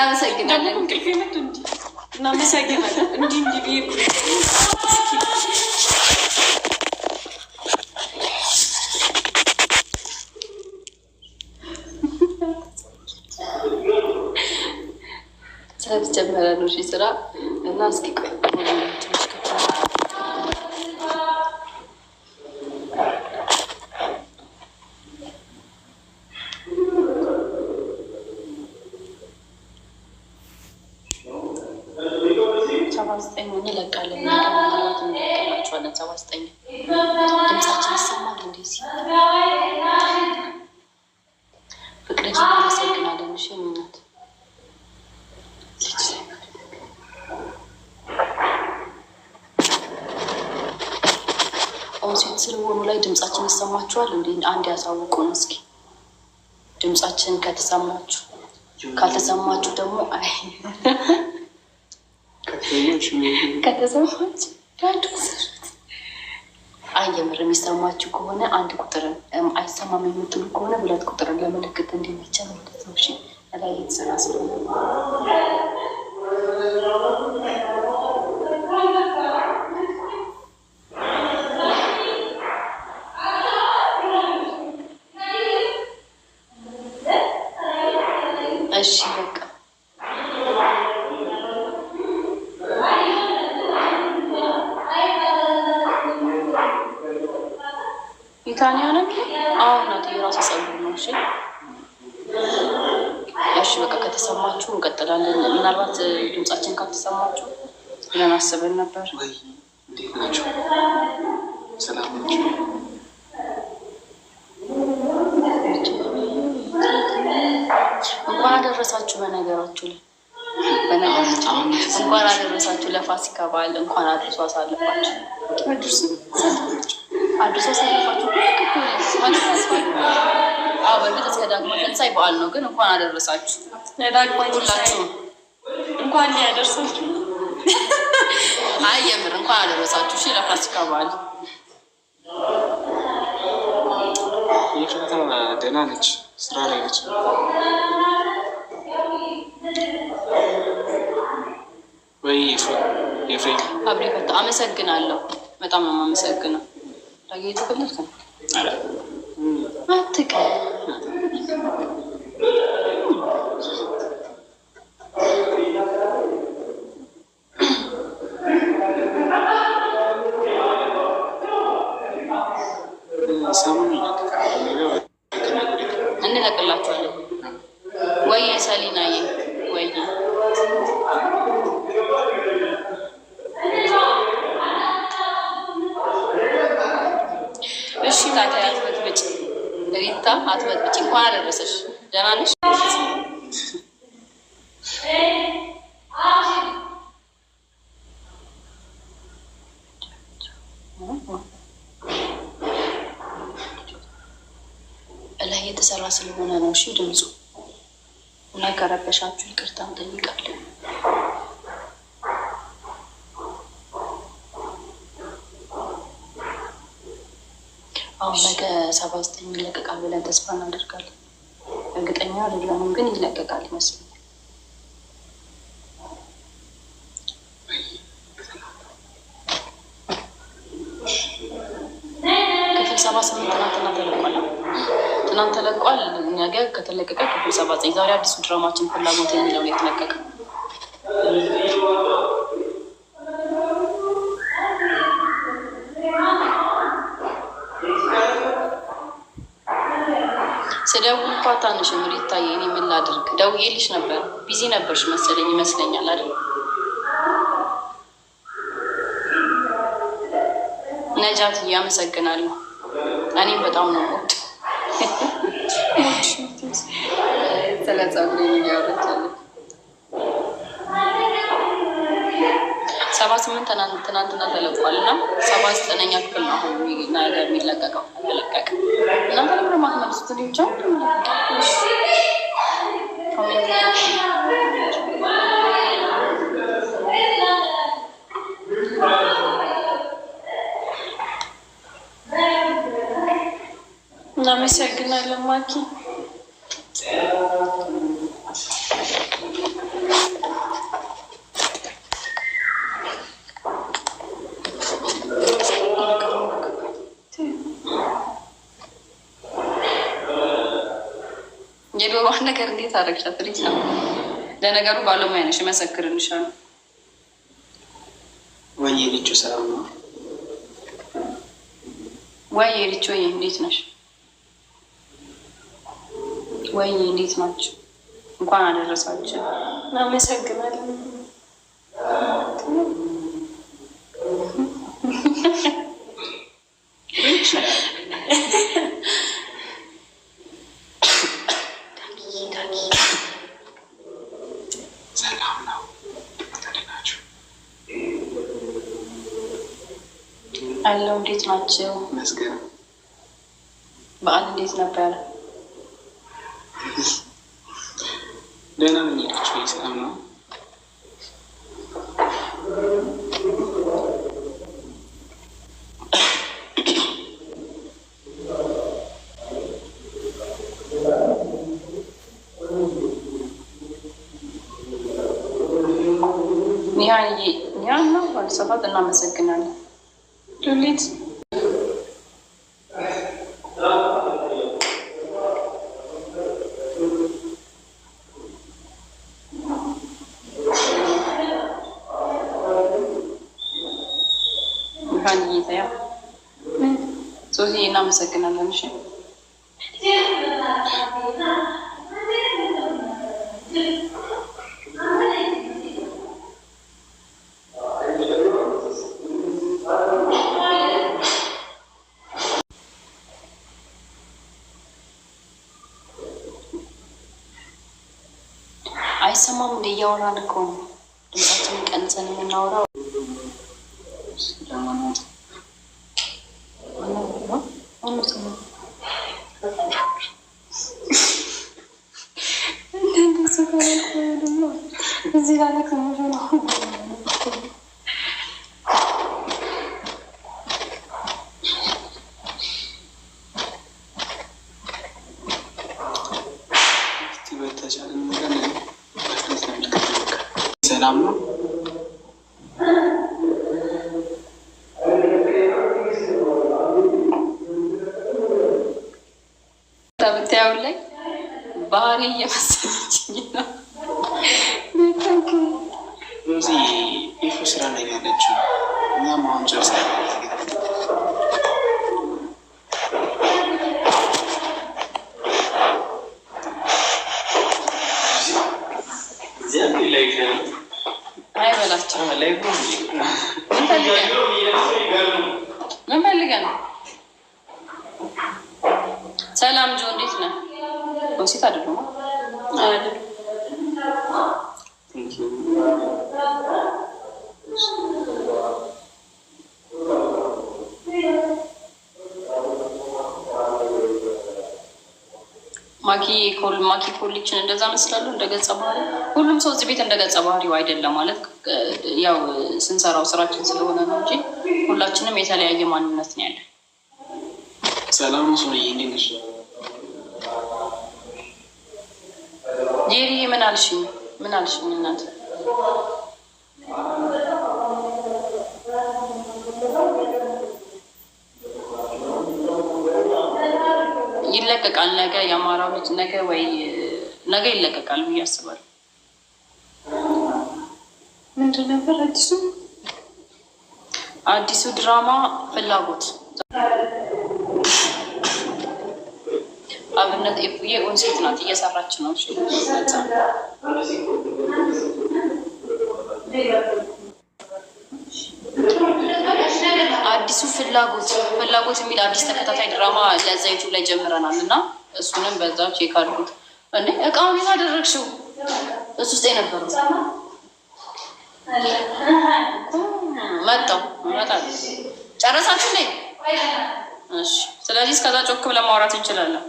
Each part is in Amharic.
እናመሰግናለን። ስራ ጀመረ ነው ስራ እና እስኪ ቆይ ሰባ ዘጠኝ ሆነ ለቃለን ላቸዋለን። ሰባ ዘጠኝ ድምጻችን ይሰማል። እንዴ? እንደዚህ ፍቅረ አመሰግናለን። እሺ ምናት ኦንሴት ስለሆኑ ላይ ድምጻችን ይሰማችኋል። እንዲ አንድ ያሳውቁን እስኪ ድምጻችን ከተሰማችሁ ካልተሰማችሁ ደግሞ አይ ከተሰማች አንድ ቁጥር አይ የምር የሚሰማችሁ ከሆነ አንድ ቁጥርን አይሰማም የምትሉ ከሆነ ሁለት ቁጥርን ለምልክት እንዲመቸን ማለት ነው። የተሰራ ስለሆነ እሺ በቃ ብሪታንያ ነው አሁ ናት የራሱ ጸጉር ነው። እሺ እሺ፣ በቃ ከተሰማችሁ እንቀጥላለን። ምናልባት ድምጻችን ካልተሰማችሁ ብለን አስበን ነበር። እንዴት ናቸው? ሰላም እንኳን አደረሳችሁ። በነገራችሁ እንኳን አደረሳችሁ ለፋሲካ በዓል እንኳን አድርሶ አሳለፋችሁ። አድርሰው ሳይለፋቸው ትንሣኤ በዓል ነው፣ ግን እንኳን አደረሳችሁ ሁላችሁ። እንኳን ያደርሳችሁ። አይ የምር እንኳን አደረሳችሁ። እሺ ለፋሲካ በዓል ደህና ነች፣ ስራ ላይ ነች። ወይ አመሰግናለሁ፣ በጣም ነው የማመሰግነው። አትቀ አደረሰሽ። ደህና ነሽ? እላይ የተሰራ ስለሆነ ነው። እሺ ድምፁ እና ከረበሻችሁ ይቅርታ እንጠይቃለን። አሁን ነገ ሰባ ዘጠኝ ይለቀቃል ብለን ተስፋ እናደርጋለን። እርግጠኛ አይደለሁም፣ ግን ይለቀቃል ይመስለኛል። ክፍል ሰባ ስምንት ትናንትና ተለቋል። ትናንት ተለቋል። ነገ ከተለቀቀ ክፍል ሰባ ዘጠኝ ዛሬ አዲሱ ድራማችን ፍላጎት የሚለው የተለቀቀ አታንሽም ይታየ የኔ ምን ላድርግ? ደውዬልሽ ነበር ቢዚ ነበርሽ መሰለኝ ይመስለኛል አይደል? ነጃት እያመሰግናለሁ። እኔም በጣም ነው ወድ ስለ ጸጉሬ ያወረቻለ ሰባ ስምንት ትናንትና ተለቋል እና ሰባ ዘጠነኛ ክፍል ነው አሁን ነገ የሚለቀቀው ተለቀቀ እና ማክመል ስቱዲዮቻ እናመሰግናለን ማኪ አደረግሻት። ሪታ ለነገሩ ባለሙያ ነሽ፣ ይመሰክርልሻል። ወይ ልጆ ሰላም ነው ወይ ልጆ? እንዴት ነሽ? ወይ እንዴት ናቸው? እንኳን አደረሳችሁ። አመሰግናለሁ። አለው። እንዴት ናቸው? መስገን በዓል እንዴት ነበረ? ደህና ነው የሚላቸው ሰላም ነው። ኒያ ነው ባለሰባት እናመሰግናለን። ሉሊት ሶሲ እናመሰግናለን። እሺ Thank you. አይሰማም እንደ እያወራን እኮ ነው ድምጻችን ቀንሰን የምናወራው። ምናምን ነው። ብታየው ላይ ባህሪ እየመሰለችኝ ነው። ኢፎ ስራ ላይ ያለችው እኛም አሁን ጨርሳ Yeah, አይበላቸው እንፈልገን። ሰላም ጆ፣ እንዴት ነህ? ወሲት አይደለም አይደለም ማኪ ማኪ ኮሊችን እንደዛ መስላሉ እንደገጸ ባህሪ ሁሉም ሰው እዚህ ቤት እንደገጸ ባህሪው አይደለም ማለት ያው ስንሰራው ስራችን ስለሆነ ነው እንጂ ሁላችንም የተለያየ ማንነት ነው ያለን። ሰላም ሱንዬ ይህ ምን አልሽኝ? ምን አልሽኝ እናት ይለቀቃል። ነገ የአማራው ልጅ ነገ ወይ ነገ ይለቀቃል ብዬ አስባለሁ። ምንድን ነበር አዲሱ አዲሱ ድራማ ፍላጎት አብነት ኤፍዬ ናት እየሰራች ነው። አዲሱ ፍላጎት ፍላጎት የሚል አዲስ ተከታታይ ድራማ ለዛ ዩቱብ ላይ ጀምረናል እና እሱንም በዛ ቼክ አድርጉት። እኔ እቃውን የት አደረግሽው? እሱ ውስጥ የነበሩ መጣው መጣ ጨረሳችሁ? ስለዚህ እስከዛ ጮክ ብለን ማውራት እንችላለን።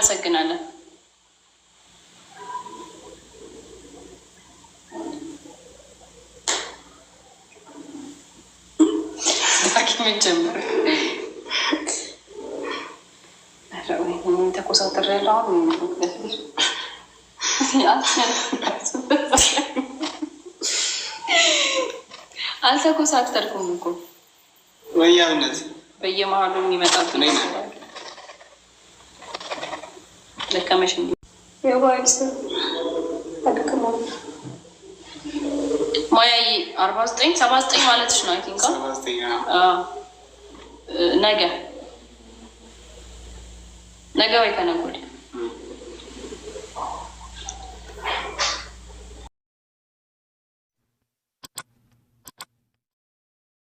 እናመሰግናለን። ጀምር ተቆሳተር ያለው አልተኮሳተርኩም እኮ በየመሀሉ የሚመጣብን ደከመሽ እንዲ ማያይ አርባ ዘጠኝ ሰባ ዘጠኝ ማለትሽ ነው። አይ ነገ ነገ ወይ ከነጉድ